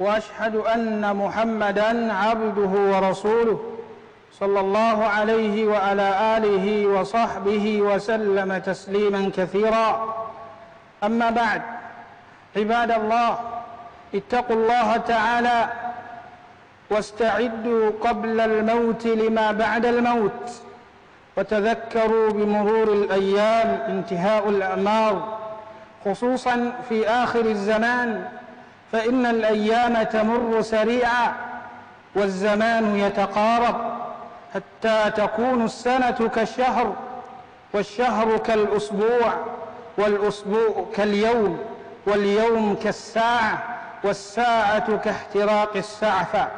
واشهد ان محمدا عبده ورسوله صلى الله عليه وعلى اله وصحبه وسلم تسليما كثيرا اما بعد عباد الله اتقوا الله تعالى واستعدوا قبل الموت لما بعد الموت وتذكروا بمرور الايام انتهاء الاعمار خصوصا في اخر الزمان فإن الأيام تمر سريعا والزمان يتقارب حتى تكون السنة كالشهر والشهر كالأسبوع والأسبوع كاليوم واليوم كالساعة والساعة كاحتراق السعفة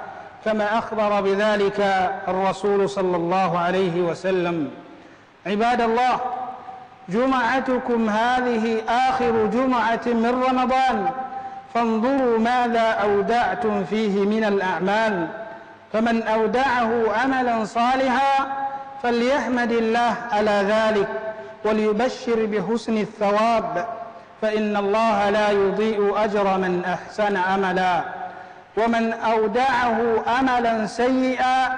كما أخبر بذلك الرسول صلى الله عليه وسلم عباد الله جمعتكم هذه آخر جمعة من رمضان فانظروا ماذا أودعتم فيه من الأعمال فمن أودعه عملا صالحا فليحمد الله على ذلك وليبشر بحسن الثواب فإن الله لا يضيء أجر من أحسن عملا ومن أودعه عملا سيئا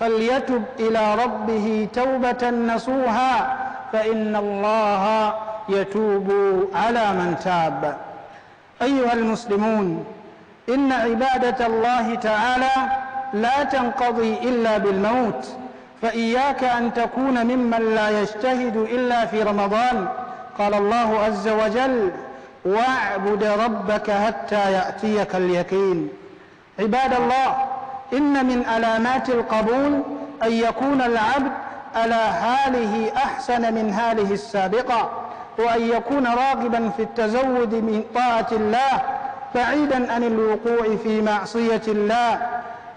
فليتب إلى ربه توبة نصوها فإن الله يتوب على من تاب أيها المسلمون إن عبادة الله تعالى لا تنقضي إلا بالموت فإياك أن تكون ممن لا يجتهد إلا في رمضان قال الله عز وجل واعبد ربك حتى يأتيك اليقين عباد الله إن من علامات القبول أن يكون العبد على حاله أحسن من حاله السابقة وأن يكون راغبا في التزود من طاعة الله بعيدا عن الوقوع في معصية الله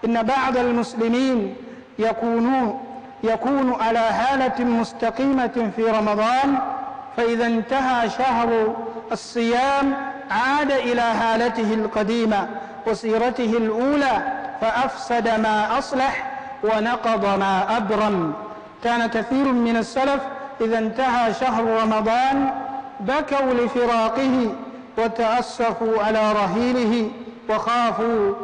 إن بعض المسلمين يكونون يكون على حالة مستقيمة في رمضان فإذا انتهى شهر الصيام عاد إلى حالته القديمة وسيرته الأولى فأفسد ما أصلح ونقض ما أبرم كان كثير من السلف إذا انتهى شهر رمضان بكوا لفراقه وتأسفوا على رهينه وخافوا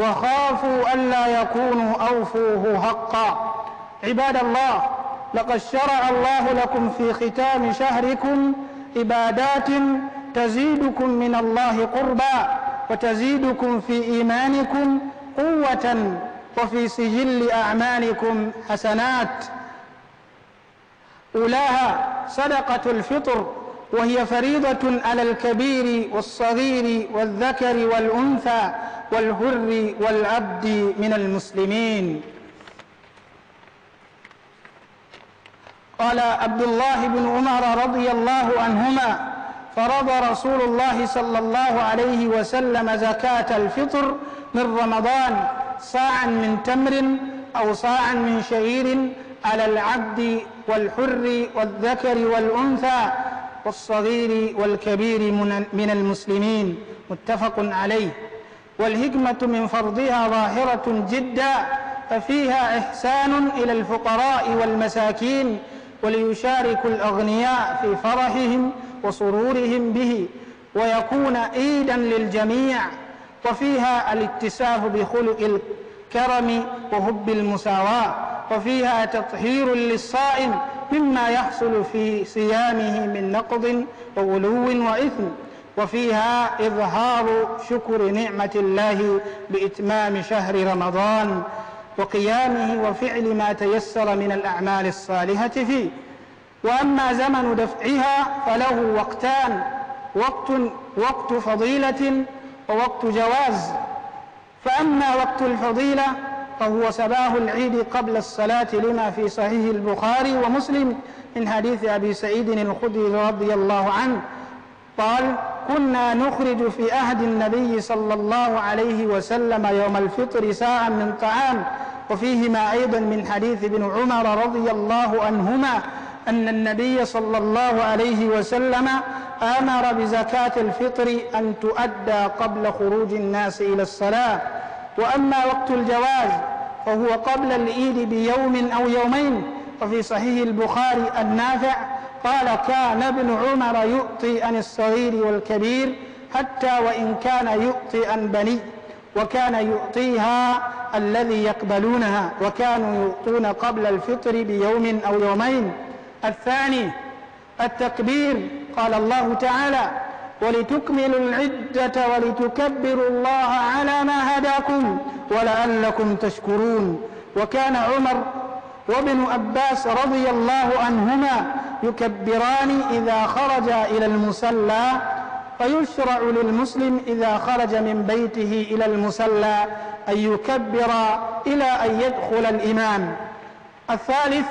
وخافوا ألا يكونوا أوفوه حقا عباد الله لقد شرع الله لكم في ختام شهركم عبادات تزيدكم من الله قربا وتزيدكم في إيمانكم قوة وفي سجل أعمالكم حسنات أولاها صدقة الفطر وهي فريضة على الكبير والصغير والذكر والأنثى والهر والعبد من المسلمين قال عبد الله بن عمر رضي الله عنهما فرض رسول الله صلى الله عليه وسلم زكاة الفطر من رمضان صاعا من تمر أو صاعا من شعير على العبد والحر والذكر والأنثى والصغير والكبير من المسلمين متفق عليه والهجمة من فرضها ظاهرة جدا ففيها إحسان إلى الفقراء والمساكين وليشارك الأغنياء في فرحهم وسرورهم به ويكون إيدا للجميع وفيها الاتساف بخلق الكرم وحب المساواة وفيها تطهير للصائم مما يحصل في صيامه من نقض وغلو وإثم وفيها إظهار شكر نعمة الله بإتمام شهر رمضان وقيامه وفعل ما تيسر من الأعمال الصالحة فيه وأما زمن دفعها فله وقتان وقت وقت فضيلة ووقت جواز فأما وقت الفضيلة فهو صباح العيد قبل الصلاة لما في صحيح البخاري ومسلم من حديث أبي سعيد الخدري رضي الله عنه قال كنا نخرج في عهد النبي صلى الله عليه وسلم يوم الفطر ساعة من طعام وفيهما أيضا من حديث ابن عمر رضي الله عنهما أن النبي صلى الله عليه وسلم آمر بزكاة الفطر أن تؤدى قبل خروج الناس إلى الصلاة وأما وقت الجواز وهو قبل العيد بيوم أو يومين وفي صحيح البخاري النافع قال كان ابن عمر يؤطي عن الصغير والكبير حتى وإن كان يؤطي عن بني وكان يؤطيها الذي يقبلونها وكانوا يؤطون قبل الفطر بيوم أو يومين الثاني التكبير قال الله تعالى ولتكملوا العدة ولتكبروا الله على ما هداكم ولعلكم تشكرون وكان عمر وابن عباس رضي الله عنهما يكبران إذا خرجا إلى المسلى فيشرع للمسلم إذا خرج من بيته إلى المسلى أن يكبر إلى أن يدخل الإمام الثالث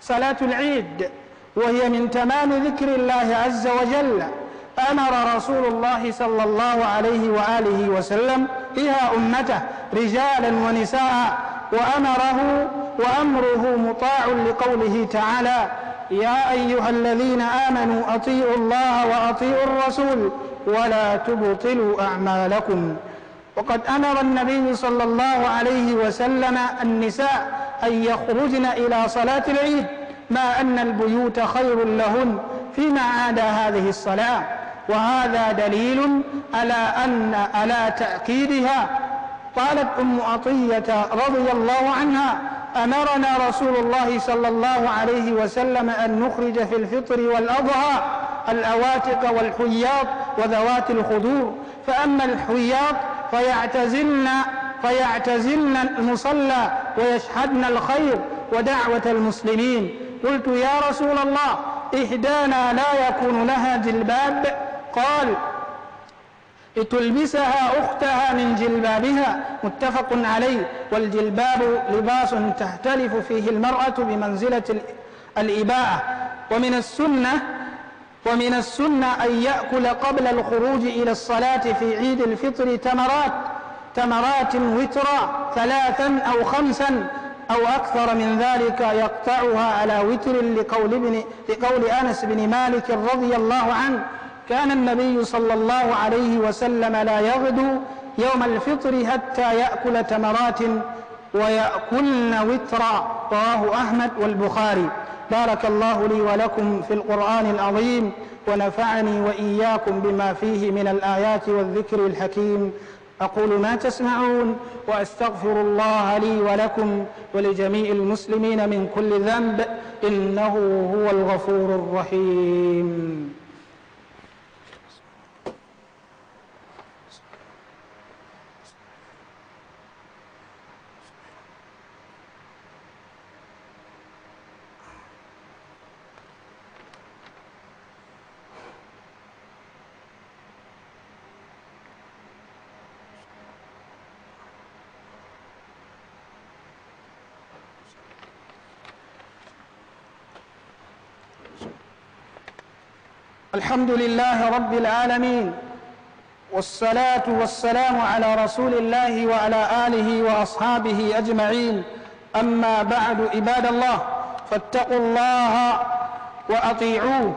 صلاة العيد وهي من تمام ذكر الله عز وجل أمر رسول الله صلى الله عليه وآله وسلم بها أمته رجالا ونساء وأمره وأمره مطاع لقوله تعالى يا أيها الذين آمنوا أطيعوا الله وأطيعوا الرسول ولا تبطلوا أعمالكم وقد أمر النبي صلى الله عليه وسلم النساء أن يخرجن إلى صلاة العيد ما أن البيوت خير لهن فيما عدا هذه الصلاة وهذا دليل على أن على تأكيدها قالت أم عطية رضي الله عنها أمرنا رسول الله صلى الله عليه وسلم أن نخرج في الفطر والأضحى الأواتق والحياط وذوات الخدور فأما الحياط فيعتزلن فيعتزلن المصلى ويشهدن الخير ودعوة المسلمين قلت يا رسول الله إحدانا لا يكون لها جلباب قال لتلبسها أختها من جلبابها متفق عليه والجلباب لباس تحتلف فيه المرأة بمنزلة الإباءة ومن السنة ومن السنة أن يأكل قبل الخروج إلى الصلاة في عيد الفطر تمرات تمرات وترا ثلاثا أو خمسا أو أكثر من ذلك يقطعها على وتر لقول, ابن لقول أنس بن مالك رضي الله عنه كان النبي صلى الله عليه وسلم لا يغدو يوم الفطر حتى يأكل تمرات ويأكلن وترا رواه أحمد والبخاري بارك الله لي ولكم في القرآن العظيم ونفعني وإياكم بما فيه من الآيات والذكر الحكيم أقول ما تسمعون وأستغفر الله لي ولكم ولجميع المسلمين من كل ذنب إنه هو الغفور الرحيم الحمد لله رب العالمين والصلاة والسلام على رسول الله وعلى آله وأصحابه أجمعين أما بعد عباد الله فاتقوا الله وأطيعوه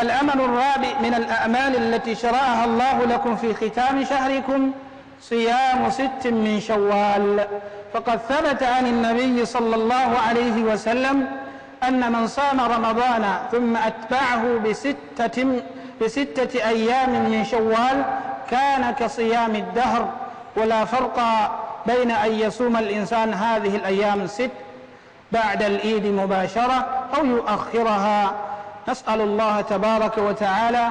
الأمل الرابع من الأعمال التي شرعها الله لكم في ختام شهركم صيام ست من شوال فقد ثبت عن النبي صلى الله عليه وسلم أن من صام رمضان ثم أتبعه بستة, بستة أيام من شوال كان كصيام الدهر ولا فرق بين أن يصوم الإنسان هذه الأيام الست بعد الإيد مباشرة أو يؤخرها نسأل الله تبارك وتعالى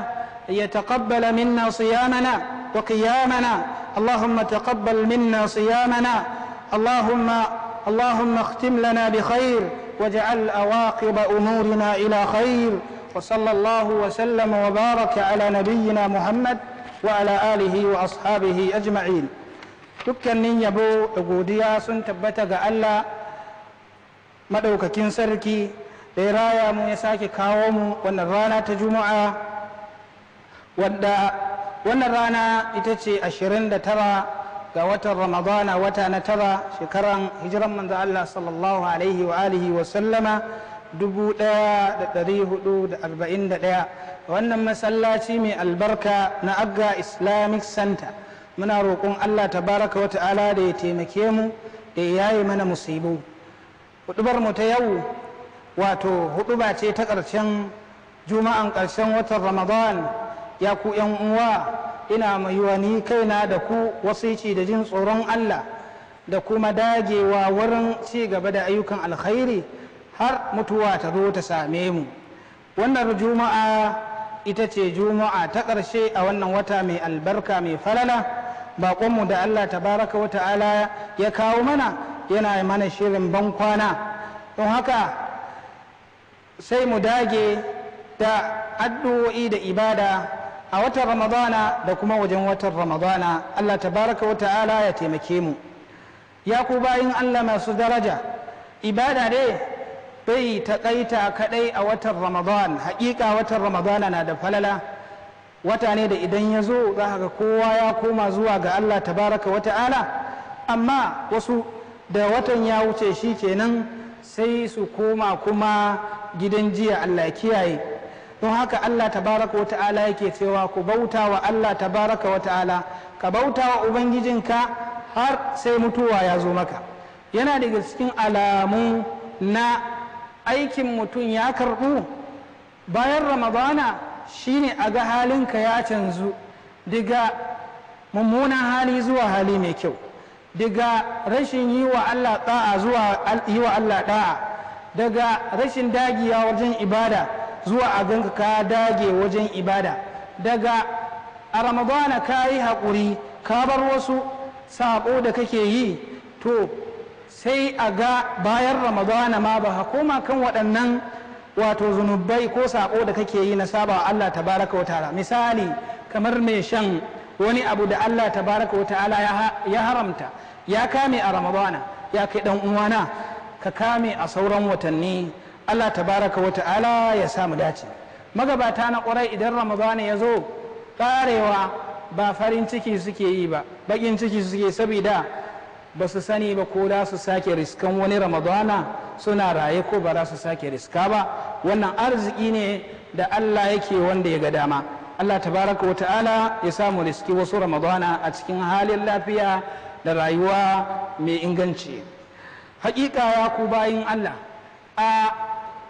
أن يتقبل منا صيامنا وقيامنا اللهم تقبل منا صيامنا اللهم اللهم اختم لنا بخير واجعل أواقب أمورنا إلى خير وصلى الله وسلم وبارك على نبينا محمد وعلى آله وأصحابه أجمعين dukkanin yabo da godiya sun tabbata ga Allah maɗaukakin sarki da ya raya mu ya sake kawo mu wannan rana ta juma'a wadda wannan rana ita ce 29 ga watan ramadana wata na tara shekaran hijiran manzo Allah sallallahu alaihi wa alihi wa sallama 1441 wannan masallaci mai albarka na agga islamic center muna roƙon Allah tabaraka wa ta'ala da ya taimake mu da ya yi mana musibu hudubar mu ta yau wato huduba ce ta ƙarshen juma'an ƙarshen watan ramadan ya ku 'yan uwa ina mai wani kaina da ku wasici da jin tsoron Allah da kuma dagewa wurin ci gaba da ayyukan alkhairi har mutuwa ta zo ta same mu wannan juma'a ita ce juma'a ta ƙarshe a wannan wata mai albarka mai falala baƙonmu da Allah tabaraka wa ta'ala ya kawo mana yana mana shirin ban kwana don haka sai mu dage da addu'o'i da ibada a watan ramadana da kuma wajen watan ramadana allah tabaraka wa ya taimake mu ya ku bayin allah masu daraja ibada ne bai takaita kadai a watan ramadan hakika watan ramadana na da falala wata ne da idan ya zo za ga kowa ya koma zuwa ga allah tabaraka wata'ala amma wasu da watan ya wuce shi kenan sai su koma kuma gidan jiya allah kiyaye don haka Allah tabaraka wa ta'ala yake cewa ku bauta wa Allah tabaraka wa ta'ala ka bauta wa ubangijinka har sai mutuwa ya zo maka yana daga cikin alamu na aikin mutum ya karɓu bayan ramadana shine a ga halinka ya canzu daga mummunan hali zuwa hali mai kyau daga rashin yi wa Allah ɗa'a zuwa yi wa Allah ɗa'a daga rashin dagiya wajen ibada zuwa a ganka ka dage wajen ibada daga a ramadana ka yi haƙuri ka bar wasu saƙo da kake yi to sai a ga bayan ramadana ma ba koma kan waɗannan wato zunubai ko saƙo da kake yi na saba Allah tabaraka wata ala misali kamar mai shan wani abu da Allah tabaraka wata ala ya haramta ya kame a ramadana ya kai ɗan uwana ka kame a sauran watanni Allah tabaraka wa ta'ala ya samu dace magabata na ƙwarai idan ramadana ya zo ƙarewa ba farin ciki suke yi ba baƙin ciki suke saboda ba su sani ba ko da su sake riskan wani ramadana suna raye ko ba za su sake riska ba wannan arziki ne da Allah yake wanda ya ga dama Allah tabaraka wa ta'ala ya samu riski wasu ramadana a cikin halin lafiya da rayuwa mai inganci hakika ya ku bayin Allah a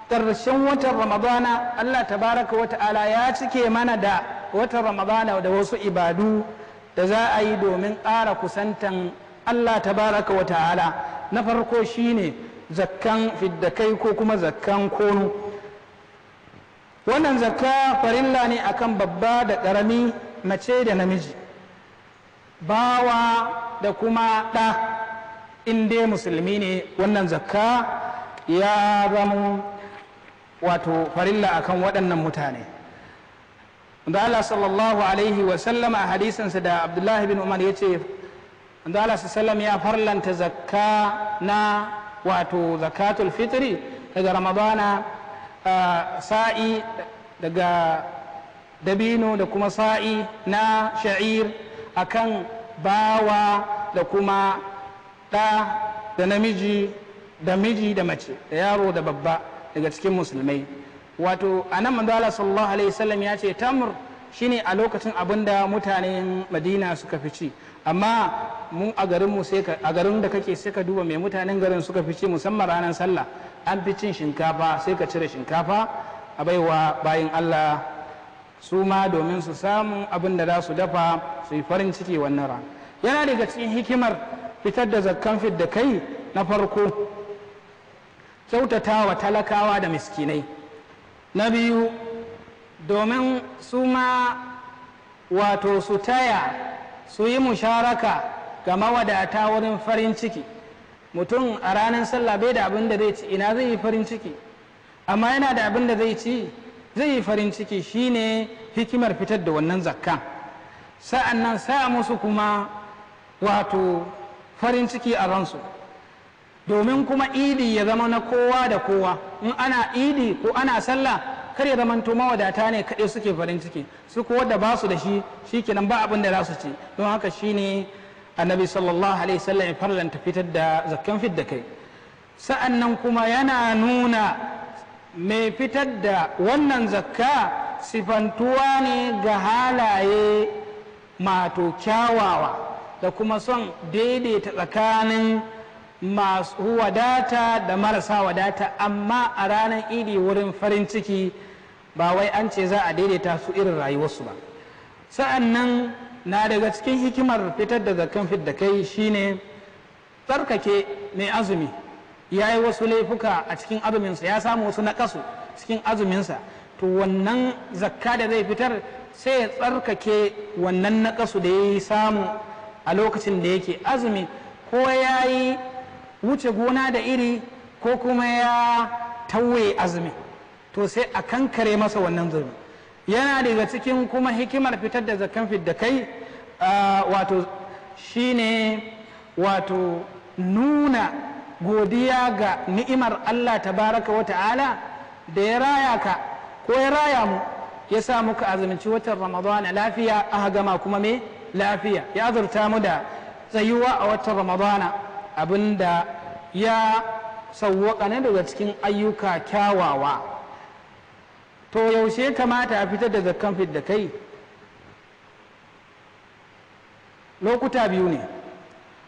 ƙarshen watan ramadana allah tabaraka wata ala, ya cike mana da watan ramadana da wasu ibadu da za a yi domin ƙara kusantan allah tabaraka wata ta'ala na farko shine zakkan fiddakai ko kuma zakkan konu wannan zakka farilla ne akan babba da ƙarami mace da namiji bawa da kuma ɗa in dai musulmi ne wannan zakka ya zama wato farilla akan waɗannan mutane da Allah sallallahu alaihi wa sallam a hadisansa da Abdullahi bin Umar ya ce. Allah sallam ya farlanta zakka na wato zakatul fitri daga ramadana sa'i daga dabino da kuma sa'i na sha'ir akan bawa da kuma ɗa da namiji da miji da mace da yaro da babba daga cikin musulmai wato a manzo Allah sallallahu alaihi wasallam ya ce tamr shine a lokacin abin da mutanen Madina suka fi ci amma mu a garin mu sai a garin da kake sai ka duba mai mutanen garin suka fi ci musamman ranar sallah an fi cin shinkafa sai ka cire shinkafa a baiwa bayin Allah su ma domin su samu abin da za su dafa su yi farin ciki wannan ran yana daga cikin hikimar fitar da zakkan fit da kai na farko kyautata wa talakawa da miskinai na biyu domin su ma wato su taya su yi musharaka ga mawadata wurin farin ciki mutum a ranar sallah bai da abin da zai ci ina zai yi farin ciki amma yana da abin da zai ci zai yi farin ciki shine hikimar fitar da wannan zakka sa'an nan sa musu kuma wato farin ciki a ransu domin kuma idi ya zama na kowa da kowa in ana idi ko ana sallah kar ya zamanto mawadata ne kaɗai suke farin ciki su kuwa da ba su da shi shi kenan ba abin da za su ci don haka shine annabi sallallahu alaihi wasallam ya farlanta fitar da zakkan fit da kai nan kuma yana nuna mai fitar da wannan zakka sifantuwa ne ga halaye mato kyawawa da kuma son daidaita tsakanin masu wadata da marasa wadata amma a ranar idi wurin farin ciki ba wai an ce za a daidaita su irin rayuwarsu ba sa'an nan na daga cikin hikimar fitar da zakan fit da kai shine tsarkake mai azumi ya yi wasu laifuka a cikin azuminsa ya samu wasu nakasu cikin azuminsa to wannan zakka da zai fitar sai ya tsarkake wannan nakasu da ya yi samu a lokacin da yake azumi ko ya yi wuce gona da iri ko kuma ya tauye azumi to sai a kankare masa wannan zurbi yana daga cikin kuma hikimar fitar da zakan fidda kai wato shine wato nuna godiya ga ni'imar Allah tabaraka wa ta'ala da ya raya ka ko ya raya mu ya sa muka azumci watan ramadana lafiya aka gama kuma me lafiya ya azurta mu da tsayuwa a watan ramadana abinda ya sauwaka na daga cikin ayyuka kyawawa to yaushe kamata a fitar da zakkan fit da kai lokuta biyu ne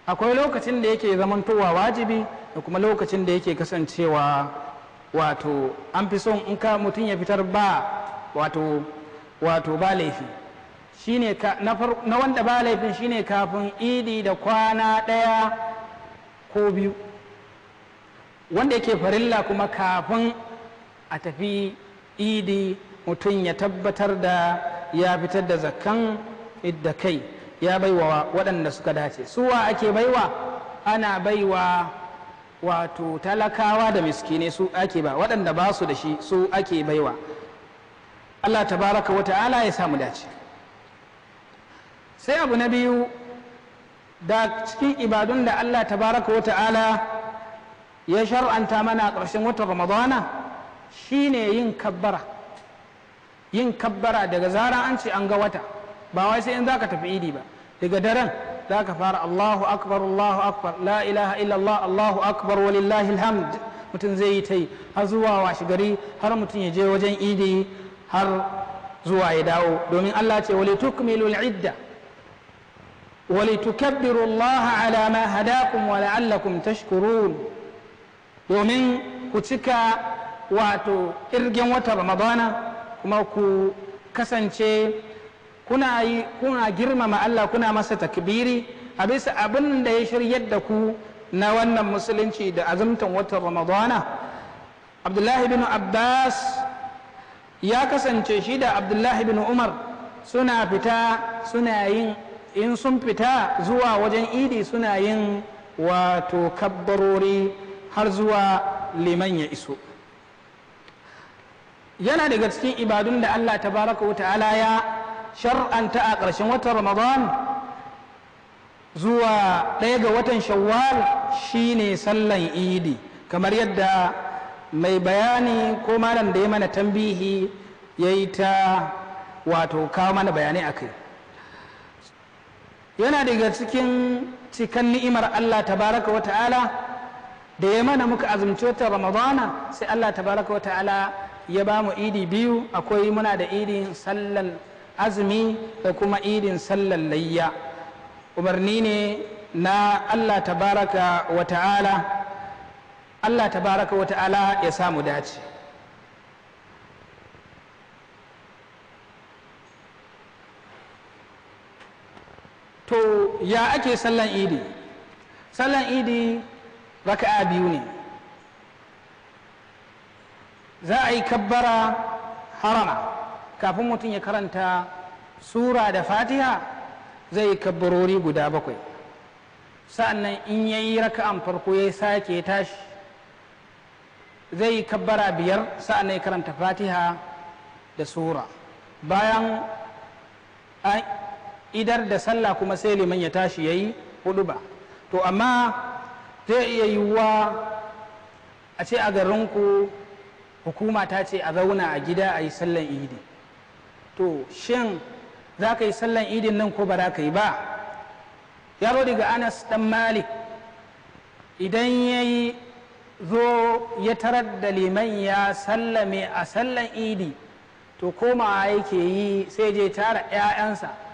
akwai lokacin da yake zamantowa wajibi da kuma lokacin da yake kasancewa wato an fi son in ka mutum ya fitar ba wato wato ba laifi na wanda ba laifin shine kafin idi da kwana ɗaya ko biyu wanda yake farilla kuma kafin a tafi idi mutum ya tabbatar da ya fitar da zakan idda kai ya baiwa waɗanda suka dace suwa ake baiwa ana baiwa wato talakawa da miskine su ake ba waɗanda ba su da shi su ake baiwa Allah tabaraka wa ta'ala ya samu dace sai abu na biyu da cikin ibadun da Allah tabaraka wa ta'ala ya shar'anta mana a ƙarshen watan ramadana shine yin kabbara yin kabbara daga zarar an ce an ga wata ba wai sai in zaka tafi idi ba daga daren zaka fara Allahu akbar Allahu akbar la ilaha illallah Allahu akbar walillahi alhamd mutum zai yi ta yi har zuwa washe gari har mutum ya je wajen idi har zuwa ya dawo domin Allah ce wali tukmilul idda ولتكبروا الله على ما هداكم ولعلكم tashkurun domin ku cika wato irgin wata ramadana kuma ku kasance kuna yi girmama Allah kuna masa takbiri a bisa abin ya shiryar da ku na wannan musulunci da azumtan watan ramadana abdullahi bin abbas ya kasance shi da abdullahi bin umar suna fita suna yin in sun fita zuwa wajen idi suna yin wato kabbarori har zuwa liman ya iso yana daga cikin ibadun da Allah ta wa ta'ala ya shar'anta a ƙarshen watan ramadan zuwa ɗaya ga watan shawwal shine sallan idi kamar yadda mai bayani ko malam da ya mana tambihi ya yi ta wato kawo mana bayanai a kai yana daga cikin cikan ni'imar Allah tabaraka wa ta'ala da ya mana muka azumci wata ramadana sai Allah tabaraka wa ta'ala ya ba mu idi biyu akwai muna da idin sallar azumi da kuma idin sallar layya umarni ne na Allah tabaraka wa ta'ala Allah tabaraka wa ta'ala ya samu dace ya ake sallan idi sallan idi raka'a biyu ne za a yi kabbara harama kafin mutum ya karanta sura da fatiha zai yi kabbarori guda bakwai sa'annan in ya yi raka'an farko ya sake tashi zai yi kabbara biyar sa'annan ya karanta fatiha da sura bayan idar da sallah kuma sai liman ya tashi ya yi hudu ba to amma zai iya yiwuwa a ce a garinku hukuma ta ce a zauna a gida a yi sallan idi to shin za ka yi sallan idin nan ko ba za ka yi ba ya zo daga anas dan malik idan ya yi zo ya tarar da liman ya sallame a sallan idi to koma yake yi sai je tara 'ya'yansa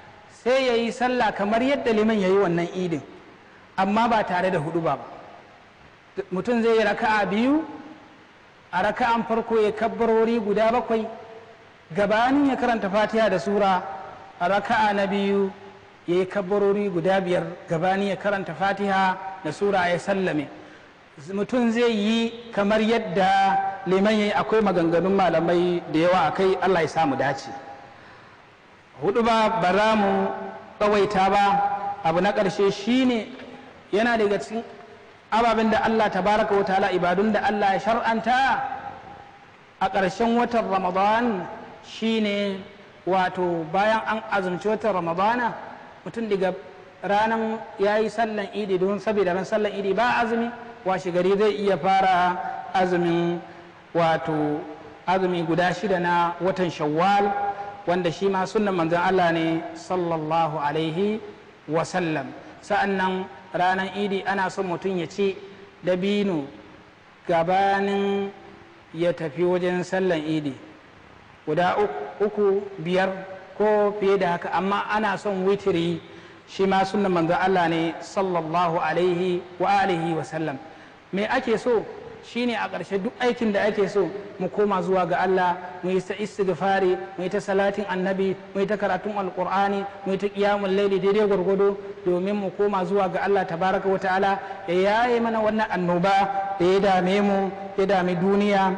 sai ya yi sallah kamar yadda liman ya yi wannan idin amma ba tare da hudu ba mutum zai yi raka'a biyu a raka'an farko ya kabbarori guda bakwai gabanin ya karanta fatiha da sura a raka'a na biyu ya yi kabbarori guda biyar gabanin ya karanta fatiha da sura ya sallame mutum zai yi kamar yadda liman ya yi akwai maganganun malamai da yawa a kai allah ya samu dace hudu ba ba za mu tsawaita ba abu na ƙarshe shine yana daga cikin ababen da Allah ta baraka wa ta'ala ibadun da Allah ya shar'anta a ƙarshen watan Ramadan shine wato bayan an azumci watan Ramadana mutum daga ranar ya yi sallan idi don saboda ran sallan idi ba azumi washe gari zai iya fara azumi wato azumi guda shida na watan shawwal wanda shi ma sunan manzon Allah ne sallallahu alaihi sa'an sa'annan ranar idi ana son mutum ya ci dabino gabanin ya tafi wajen sallan idi guda uku biyar ko fiye da haka amma ana son witiri shi ma sunan manzon Allah ne sallallahu alaihi wa alihi wasallam me ake so shine a ƙarshe duk aikin da ake so mu koma zuwa ga Allah mu yi ta istighfari mu yi ta salatin annabi mu yi ta karatun alqur'ani mu yi ta qiyamul layli daidai gwargwado domin mu koma zuwa ga Allah tabaraka wa ta'ala ya yaye mana wannan annoba da ya dame mu ya dame duniya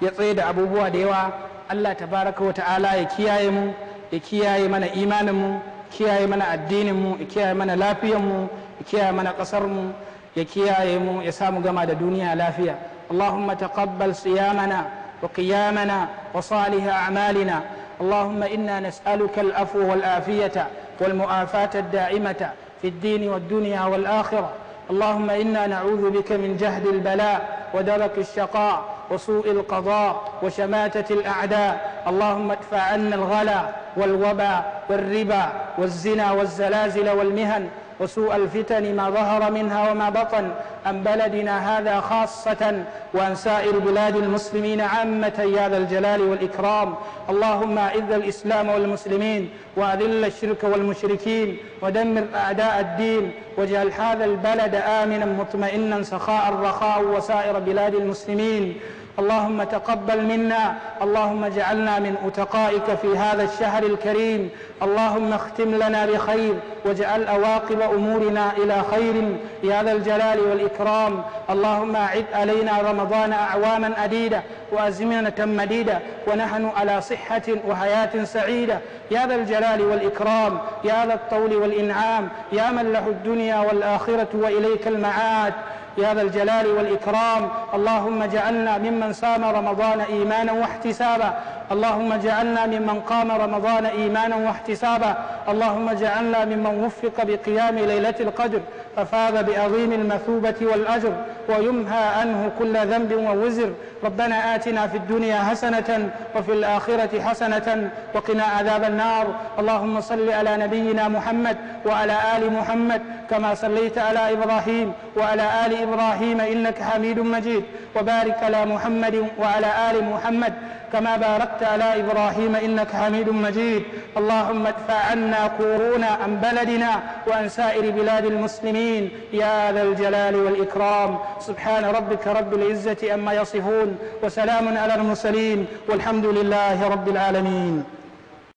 ya tsaye da abubuwa da yawa Allah tabaraka wa ta'ala ya kiyaye mu ya kiyaye mana imanin mu kiyaye mana addinin mu ya kiyaye mana lafiyar mu ya kiyaye mana ƙasar mu ya kiyaye mu ya samu gama da duniya lafiya اللهم تقبل صيامنا وقيامنا وصالح أعمالنا اللهم إنا نسألك العفو والعافية والمؤافاة الدائمة في الدين والدنيا والآخرة اللهم إنا نعوذ بك من جهد البلاء ودرك الشقاء وسوء القضاء وشماتة الأعداء اللهم ادفع عنا الغلا والوبا والربا والزنا والزلازل والمهن وسوء الفتن ما ظهر منها وما بطن عن بلدنا هذا خاصة وعن سائر بلاد المسلمين عامة يا ذا الجلال والإكرام اللهم أعز الإسلام والمسلمين وأذل الشرك والمشركين ودمر أعداء الدين واجعل هذا البلد آمنا مطمئنا سخاء رخاء وسائر بلاد المسلمين اللهم تقبل منا اللهم اجعلنا من أتقائك في هذا الشهر الكريم اللهم اختم لنا بخير واجعل أواقب أمورنا إلى خير يا ذا الجلال والإكرام اللهم أعد علينا رمضان أعواما أديدة وأزمنة مديدة ونحن على صحة وحياة سعيدة يا ذا الجلال والإكرام يا ذا الطول والإنعام يا من له الدنيا والآخرة وإليك المعاد بهذا الجلال والإكرام اللهم اجعلنا ممن صام رمضان إيمانا واحتسابا اللهم اجعلنا ممن قام رمضان إيمانا واحتسابا اللهم اجعلنا ممن وفق بقيام ليلة القدر ففاض بعظيم المثوبة والأجر ويمهى عنه كل ذنب ووزر ربنا آتنا في الدنيا حسنة وفي الآخرة حسنة وقنا عذاب النار اللهم صل على نبينا محمد وعلى آل محمد كما صليت على إبراهيم وعلى آل إبراهيم إنك حميد مجيد وبارك على محمد وعلى آل محمد كما باركت على إبراهيم إنك حميد مجيد اللهم ادفع عنا كورونا عن بلدنا وعن سائر بلاد المسلمين المرسلين يا ذا الجلال والإكرام سبحان ربك رب العزة أما يصفون وسلام على المرسلين والحمد لله رب العالمين